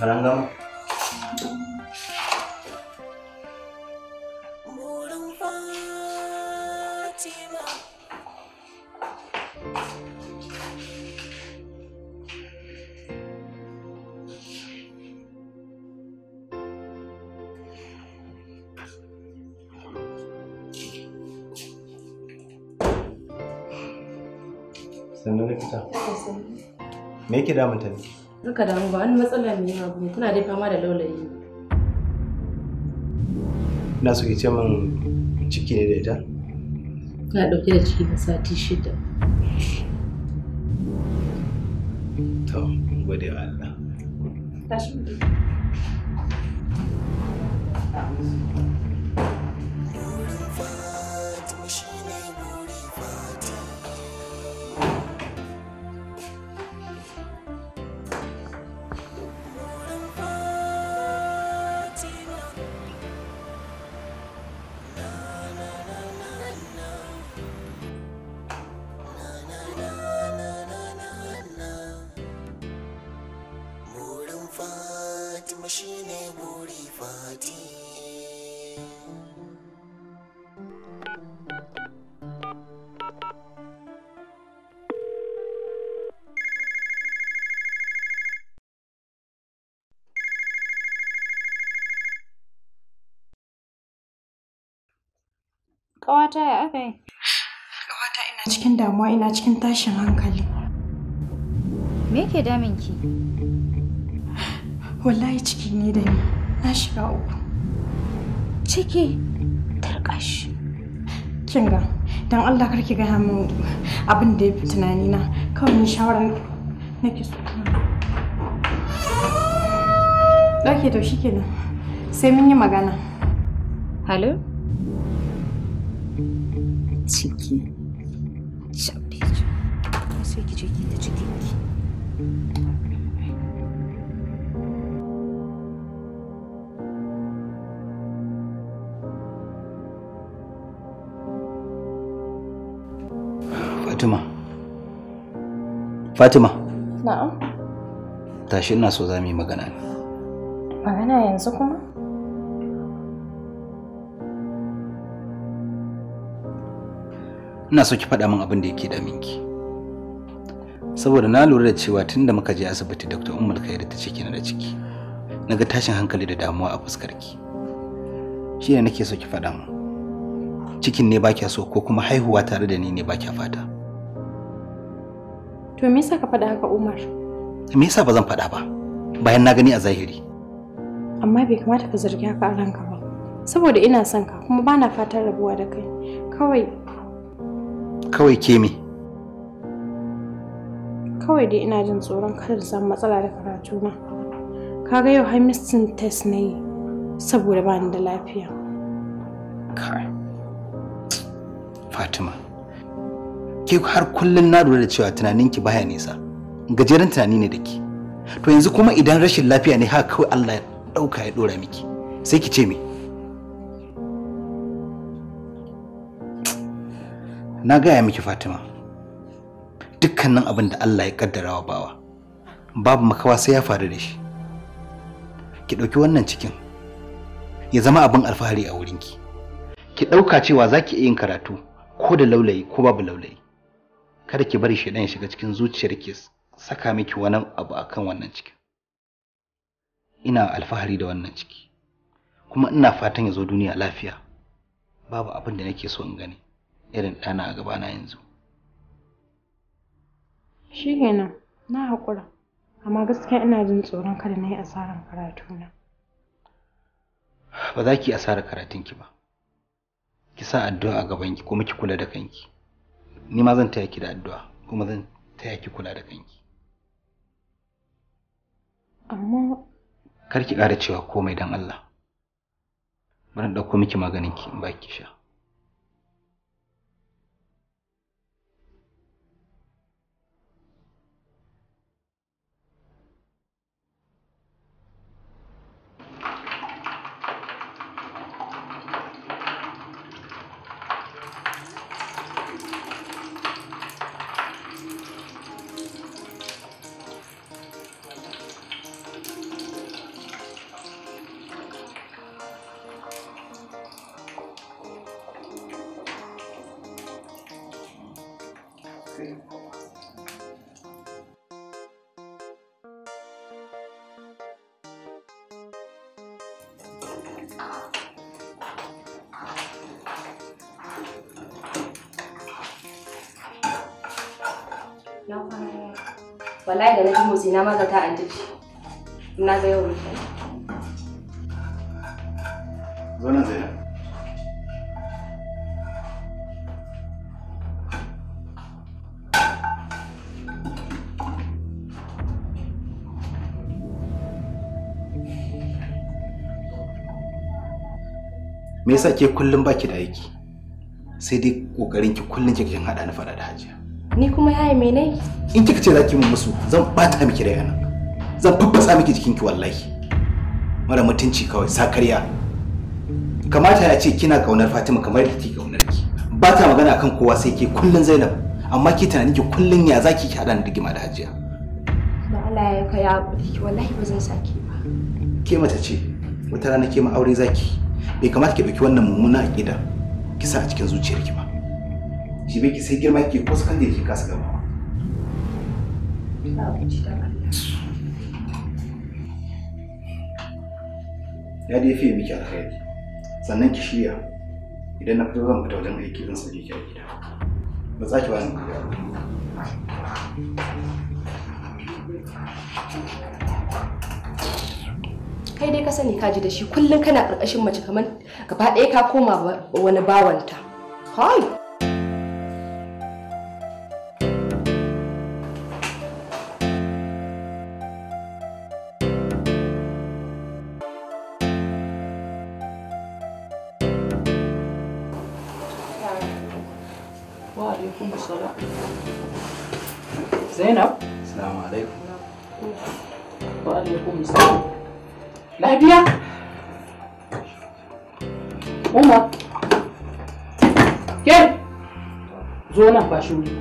Parang sannan me yake damunta ne Duka damu ba wani matsala ne yawa ba tana dai fama da laulayi. Ina so ki ce min ciki ne da ita? Tana ɗauke da ciki na sati shida. To, gode wa Allah. Tashi mu. ƙawata ya aka yi? Ƙawata ina cikin damuwa ina cikin tashin hankali. Me ke damin ki? Wallahi ciki ne da ni. Na shiga uku. Ciki? Tarkash. Kinga, don Allah karki gaya min abin da ya fi na, Kawai ni shawarar nake so. Ɗauke to shi kenan. Sai mun yi magana. Hello? ciki shabdeji na so ki je ki da cikin ki Fatima Fatima na'am tashi ina so za mu yi magana ne magana yanzu kuma ina so ki faɗa min abin da yake daminki saboda na lura da cewa tun da muka je asibiti dr ummul khair ta ce kina da ciki na ga tashin hankali da damuwa a fuskarki shi ne nake so ki faɗa min cikin ne ba so ko kuma haihuwa tare da ni ne ba fata to me yasa ka faɗa haka umar me yasa ba zan faɗa ba bayan na gani a zahiri amma bai kamata ka zargi haka a ranka ba saboda ina son ka kuma bana fatan rabuwa da kai kawai kawai ke me kawai dai ina jin tsoron kada da samu matsala da karatu na kaga yau missing test na yi saboda ba da lafiya kai fatima ke har kullum na lura da cewa tunaninki baya nisa gajeren tunani ne da to yanzu kuma idan rashin lafiya ne haka kawai allah ya ɗauka ya ɗora miki sai ki ce me na gaya miki fatima dukkanin abin da allah ya kaddara wa bawa babu makawa sai ya faru da shi ki ɗauki wannan cikin ya zama abin alfahari a wurinki ki ɗauka cewa za ki yin karatu ko da laulayi ko babu laulayi kada ki bari shaidan ya shiga cikin zuciyar zuciyarki saka miki wani abu akan wannan cikin ina alfahari da wannan ciki kuma ina fatan ya zo duniya lafiya babu abin da nake so in gani irin ɗana a gabana yanzu. Shi kenan, na haƙura, amma gaskiya ina jin tsoron kada na yi asarar karatuna. Ba za ki asarar karatunki ba. Ki sa addu'a a gabanki kuma ki kula da kanki. Ni ma zan taya ki da addu'a kuma zan taya ki kula da kanki. Amma... Kar ki ƙara cewa komai don Allah. Bari ɗauko miki maganinki in ba ki sha. sí. wallahi da na ji motsi na maza a jiki ina na ga yau rufe zauna zainab me yasa ke kullum baki da aiki sai dai kokarin ki kullum kike kin hada ni fara da hajiya ni kuma yaya me nayi in kika ce zaki mun musu zan bata miki rai anan zan fuffasa miki ki wallahi mara mutunci kawai sakarya kamata ya ce kina kaunar Fatima kamar da kike kaunar ki ba ta magana kan kowa sai ke kullun Zainab amma ki tunanin ki kullun ya zaki ki hada ni gima da hajiya da Allah ya kai wallahi ba zan saki ba ke mata ce wata rana ke ma aure zaki bai kamata ki ɗauki wannan mummuna aƙida kisa a cikin zuciyarki ba shi bai ki sai girma ki ko sakan da yake kasa gaba ya dai fiye miki alkhairi sannan ki shirya idan na fito zan fita wajen aiki zan sauke ki a gida ba za ki wani Thank kai dai ka sani ka ji da shi kullum kana karkashin mace kamar gaba ɗaya ka koma wani bawanta hai Zainab? Assalamu alaikum. Wa alaikum assalam. Lafiya? Umma. Ke? Zo nan ba shi wuri.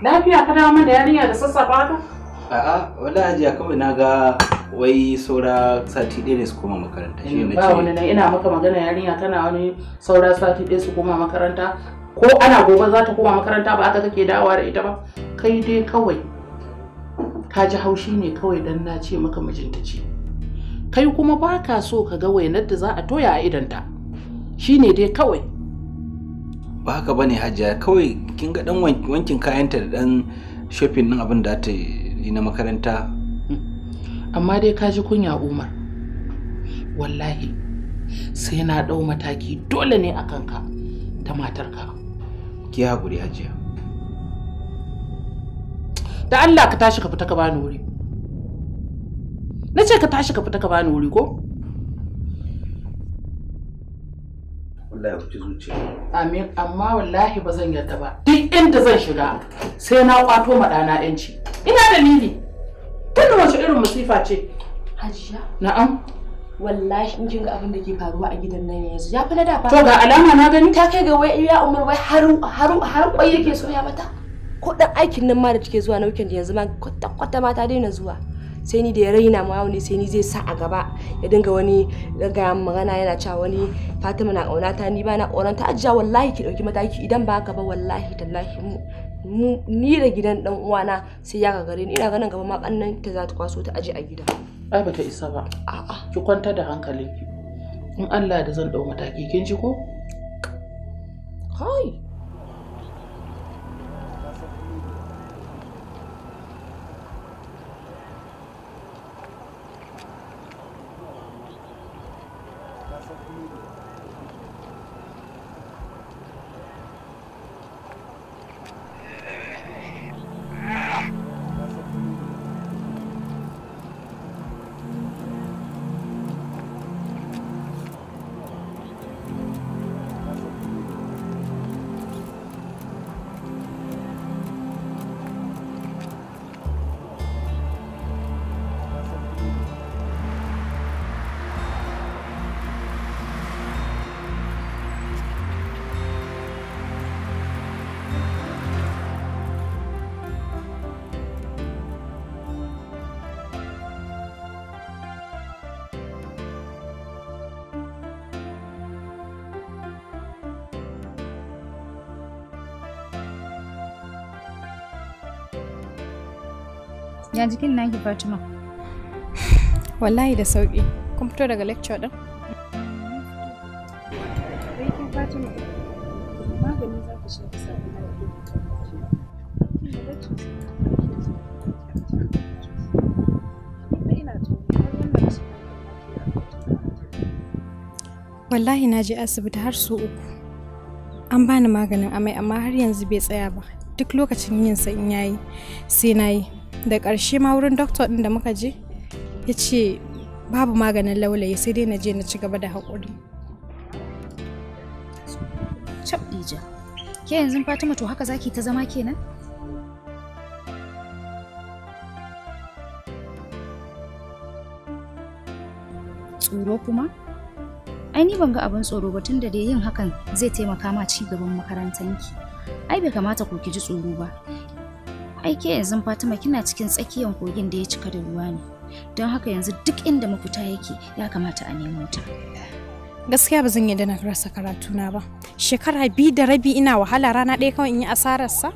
Lafiya ka dawo mana yarinya da sassafa haka? A'a, wala hajiya kawai na ga wai saura sati ɗaya ne su koma makaranta ba wani nan ina maka magana yarinya tana wani saura sati ɗaya su koma makaranta ko ana gobe za ta koma makaranta ba aka kake dawowa da ita ba kai dai kawai Kaji haushi ne kawai dan na ce maka mijinta ce kai kuma ba ka so ka ga wainar da za a toya a idanta shine dai kawai ba haka bane hajiya kawai kin ga dan wankin kayanta da dan shopping din abin da ta yi na makaranta amma dai ka ji kunya umar wallahi sai na dau mataki dole ne akan ka ta matarka ki haƙuri hajiya da Allah ka tashi ka fita ka bani wuri na ce ka tashi ka fita ka bani wuri ko amin amma wallahi ba zan yarda ba duk inda zan shiga sai na kwato ma ɗana yanci ina dalili tunda wace irin masifa ce hajiya na'am wallahi in kin ga abin da ke faruwa a gidan nan yanzu ya fa na da ba to ga alama na gani ta kai ga wai iya umar wai har har har kwai yake soya mata kuɗin aikin nan ma da take zuwa na weekend yanzu ma kwata-kwata ma ta daina zuwa sai ni da ya raina ma wani sai ni zai sa a gaba ya dinga wani ga magana yana cewa wani fatima na ƙauna ta ni ba na ƙaunar ta ajiya wallahi ki dauki mataki idan ba haka ba wallahi tallahi mu ni da gidan dan uwana sai ya gare ni ina ganin gaba ma kannan ta za ta kwaso ta aje a gida ai ta isa ba a'a ki kwanta da hankalinki in Allah da zan dau mataki kin ji ko kai ya jikin naki fatima wallahi da sauki kun fito daga lecture din wallahi na je asibiti har su uku an bani maganin amai amma har yanzu bai tsaya ba duk lokacin yin sa in yayi sai na yi da ƙarshe ma wurin doktor ɗin da muka je ya ce babu maganin laulayi sai dai na je na ci gaba da haƙuri cap ija ke yanzu fatima to haka zaki ta zama kenan tsoro kuma ai ni ban ga abin tsoro ba tun da dai yin hakan zai taimaka ma ci gaban makarantanki ai bai kamata ku ki ji tsoro ba aiki yanzu fatima kina cikin tsakiyar kogin da ya cika da ruwa ne don haka yanzu duk inda mafita yake ya kamata a nemo ta gaskiya ba zan yi da na rasa na ba shekara biyu da rabi ina wahala rana ɗaya kawai in yi asararsa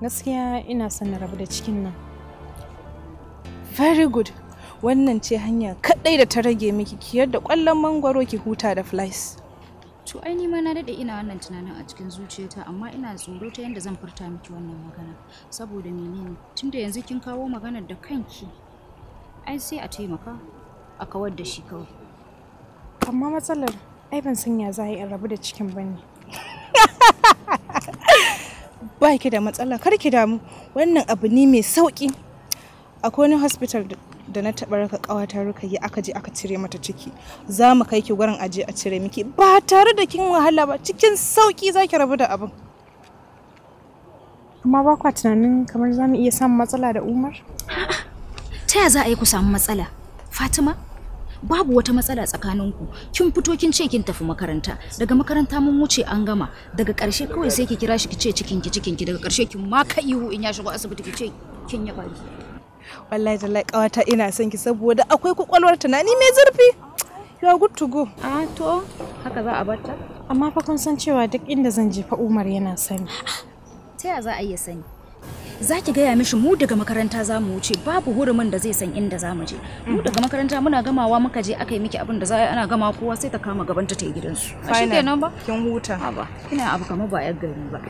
gaskiya ina son na rabu da cikin nan very good wannan ce hanya kaɗai da ta rage miki ki yadda ƙwallon mangwaro ki huta da flies to ai ni ma na daɗe ina wannan tunanin a cikin zuciyata amma ina tsoro ta yadda zan furta miki wannan magana saboda menene tunda yanzu kin kawo maganar da kanki ai sai a taimaka a kawar da shi kawai amma matsalar ai ban san ya za in rabu da cikin bane ba ki da matsala kar ki damu wannan abu ne mai sauki akwai wani hospital da na taɓa raka ƙawata yi aka je aka cire mata ciki za mu kai ki gurin aje a cire miki ba tare da kin wahala ba cikin sauƙi za ki rabu da abin amma ba kwa tunanin kamar za mu iya samun matsala da umar ta ya za a yi ku samu matsala fatima babu wata matsala tsakaninku kin fito kin ce kin tafi makaranta daga makaranta mun wuce an gama daga ƙarshe kawai sai ki kira shi ki ce cikinki cikinki daga ƙarshe kin ma ka ihu in ya shigo asibiti ki ce kin ya faru wallahi da kawata ina son ki saboda akwai kwakwalwar tunani mai zurfi ya good go a to haka za a barta amma fa kun san cewa duk inda zan je fa Umar yana sani ta ya za a iya sani za ki gaya mishi mu daga makaranta za mu wuce babu hurumin da zai san inda za mu je mu daga makaranta muna gamawa muka je aka yi miki abin da za ana gama kowa sai ta kama gaban ta ta gidansu a shi kenan ba ba kina abu ba yar gari ba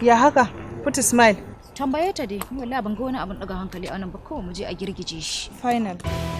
ya haka put a smile tambaye ta dai wallahi ban ga wani abin daga hankali a nan ba kawai mu je a girgije shi final